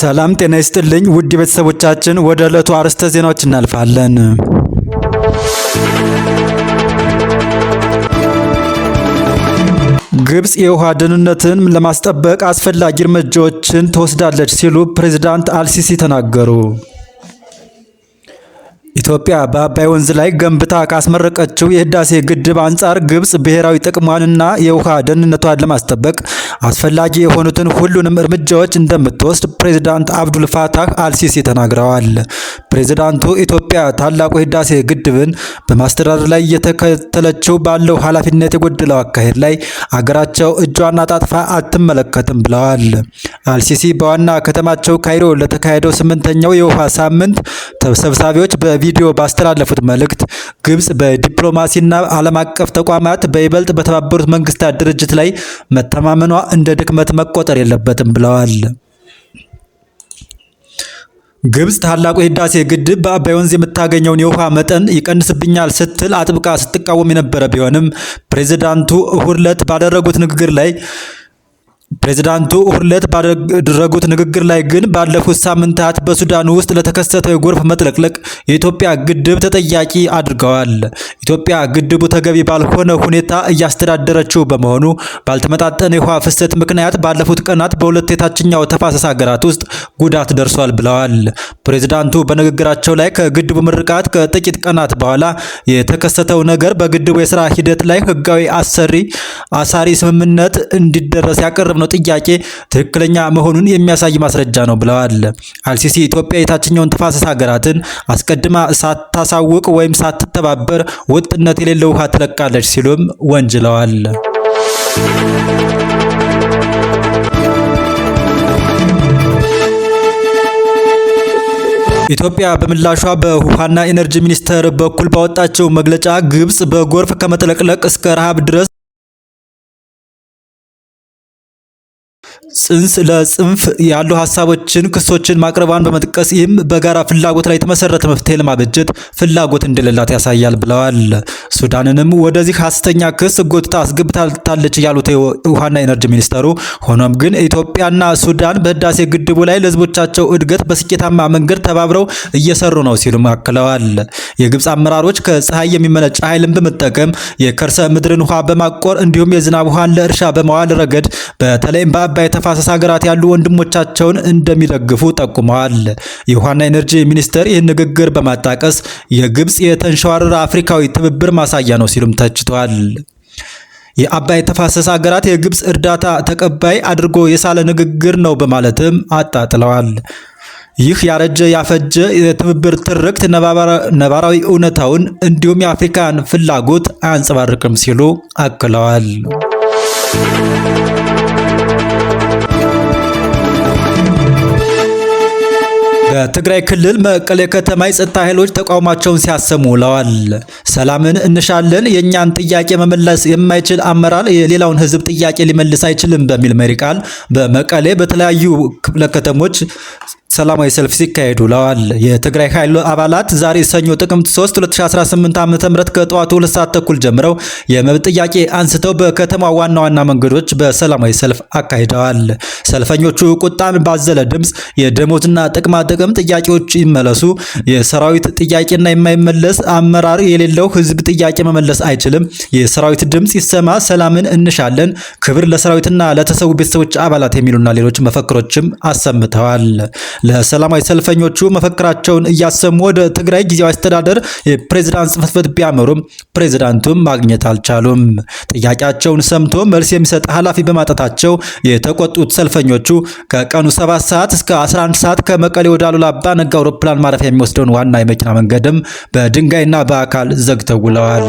ሰላም ጤና ይስጥልኝ ውድ ቤተሰቦቻችን፣ ወደ ዕለቱ አርዕስተ ዜናዎች እናልፋለን። ግብፅ የውሃ ደህንነትን ለማስጠበቅ አስፈላጊ እርምጃዎችን ትወስዳለች ሲሉ ፕሬዚዳንት አልሲሲ ተናገሩ። ኢትዮጵያ በአባይ ወንዝ ላይ ገንብታ ካስመረቀችው የህዳሴ ግድብ አንጻር ግብጽ ብሔራዊ ጥቅሟንና የውሃ ደህንነቷን ለማስጠበቅ አስፈላጊ የሆኑትን ሁሉንም እርምጃዎች እንደምትወስድ ፕሬዚዳንት አብዱል ፋታህ አልሲሲ ተናግረዋል። ፕሬዚዳንቱ ኢትዮጵያ ታላቁ የህዳሴ ግድብን በማስተዳደር ላይ እየተከተለችው ባለው ኃላፊነት የጎደለው አካሄድ ላይ አገራቸው እጇን አጣጥፋ አትመለከትም ብለዋል። አልሲሲ በዋና ከተማቸው ካይሮ ለተካሄደው ስምንተኛው የውሃ ሳምንት ተሰብሳቢዎች በቪዲዮ ፖምፒዮ ባስተላለፉት መልእክት ግብጽ በዲፕሎማሲና ዓለም አቀፍ ተቋማት በይበልጥ በተባበሩት መንግስታት ድርጅት ላይ መተማመኗ እንደ ድክመት መቆጠር የለበትም ብለዋል። ግብጽ ታላቁ የህዳሴ ግድብ በአባይ ወንዝ የምታገኘውን የውሃ መጠን ይቀንስብኛል ስትል አጥብቃ ስትቃወም የነበረ ቢሆንም ፕሬዚዳንቱ እሁድ ዕለት ባደረጉት ንግግር ላይ ፕሬዚዳንቱ እሁድ ዕለት ባደረጉት ንግግር ላይ ግን ባለፉት ሳምንታት በሱዳን ውስጥ ለተከሰተው የጎርፍ መጥለቅለቅ የኢትዮጵያ ግድብ ተጠያቂ አድርገዋል። ኢትዮጵያ ግድቡ ተገቢ ባልሆነ ሁኔታ እያስተዳደረችው በመሆኑ ባልተመጣጠነ የውሃ ፍሰት ምክንያት ባለፉት ቀናት በሁለት የታችኛው ተፋሰስ ሀገራት ውስጥ ጉዳት ደርሷል ብለዋል። ፕሬዚዳንቱ በንግግራቸው ላይ ከግድቡ ምርቃት ከጥቂት ቀናት በኋላ የተከሰተው ነገር በግድቡ የስራ ሂደት ላይ ህጋዊ አሰሪ አሳሪ ስምምነት እንዲደረስ ነው ጥያቄ ትክክለኛ መሆኑን የሚያሳይ ማስረጃ ነው ብለዋል። አልሲሲ ኢትዮጵያ የታችኛውን ተፋሰስ ሀገራትን አስቀድማ ሳታሳውቅ ወይም ሳትተባበር ወጥነት የሌለው ውሃ ትለቃለች ሲሉም ወንጅለዋል። ኢትዮጵያ በምላሿ በውሃና ኢነርጂ ሚኒስቴር በኩል ባወጣቸው መግለጫ ግብጽ በጎርፍ ከመጥለቅለቅ እስከ ረሃብ ድረስ ጽንስ ለጽንፍ ያሉ ሀሳቦችን፣ ክሶችን ማቅረቧን በመጥቀስ ይህም በጋራ ፍላጎት ላይ የተመሰረተ መፍትሄ ለማበጀት ፍላጎት እንደሌላት ያሳያል ብለዋል። ሱዳንንም ወደዚህ ሐሰተኛ ክስ ጎትታ አስገብታታለች ያሉት የውሃና ኤነርጂ ሚኒስተሩ፣ ሆኖም ግን ኢትዮጵያና ሱዳን በህዳሴ ግድቡ ላይ ለህዝቦቻቸው እድገት በስኬታማ መንገድ ተባብረው እየሰሩ ነው ሲሉ አክለዋል። የግብፅ አመራሮች ከፀሐይ የሚመነጭ ኃይልን በመጠቀም የከርሰ ምድርን ውሃ በማቆር እንዲሁም የዝናብ ውሃን ለእርሻ በመዋል ረገድ በተለይም በአባይ ተፋሰስ ሀገራት ያሉ ወንድሞቻቸውን እንደሚደግፉ ጠቁመዋል። የውሃና ኤነርጂ ሚኒስተር ይህን ንግግር በማጣቀስ የግብፅ የተንሸዋረረ አፍሪካዊ ትብብር ማሳያ ነው ሲሉም ተችቷል። የአባይ ተፋሰስ ሀገራት የግብፅ እርዳታ ተቀባይ አድርጎ የሳለ ንግግር ነው በማለትም አጣጥለዋል። ይህ ያረጀ ያፈጀ የትብብር ትርክት ነባራዊ እውነታውን እንዲሁም የአፍሪካን ፍላጎት አያንጸባርቅም ሲሉ አክለዋል። በትግራይ ክልል መቀሌ ከተማ የጸጥታ ኃይሎች ተቃውሟቸውን ሲያሰሙ ውለዋል። ሰላምን እንሻለን፣ የእኛን ጥያቄ መመለስ የማይችል አመራር የሌላውን ህዝብ ጥያቄ ሊመልስ አይችልም በሚል መሪ ቃል በመቀሌ በተለያዩ ክፍለ ከተሞች ሰላማዊ ሰልፍ ሲካሄድ ውለዋል። የትግራይ ኃይል አባላት ዛሬ ሰኞ ጥቅምት 3 2018 ዓ.ም ከጠዋቱ ሁለት ሰዓት ተኩል ጀምረው የመብት ጥያቄ አንስተው በከተማ ዋና ዋና መንገዶች በሰላማዊ ሰልፍ አካሂደዋል። ሰልፈኞቹ ቁጣን ባዘለ ድምፅ የደሞዝና ጥቅማ ጥቅም ጥያቄዎች ይመለሱ፣ የሰራዊት ጥያቄና የማይመለስ አመራር የሌለው ህዝብ ጥያቄ መመለስ አይችልም፣ የሰራዊት ድምፅ ይሰማ፣ ሰላምን እንሻለን፣ ክብር ለሰራዊትና ለተሰዉ ቤተሰቦች አባላት የሚሉና ሌሎች መፈክሮችም አሰምተዋል። ለሰላማዊ ሰልፈኞቹ መፈክራቸውን እያሰሙ ወደ ትግራይ ጊዜያዊ አስተዳደር የፕሬዝዳንት ጽሕፈት ቤት ቢያመሩም ፕሬዝዳንቱም ማግኘት አልቻሉም። ጥያቄያቸውን ሰምቶ መልስ የሚሰጥ ኃላፊ በማጣታቸው የተቆጡት ሰልፈኞቹ ከቀኑ 7 ሰዓት እስከ 11 ሰዓት ከመቀሌ ወደ አሉላ አባ ነጋ አውሮፕላን ማረፊያ የሚወስደውን ዋና የመኪና መንገድም በድንጋይና በአካል ዘግተው ውለዋል።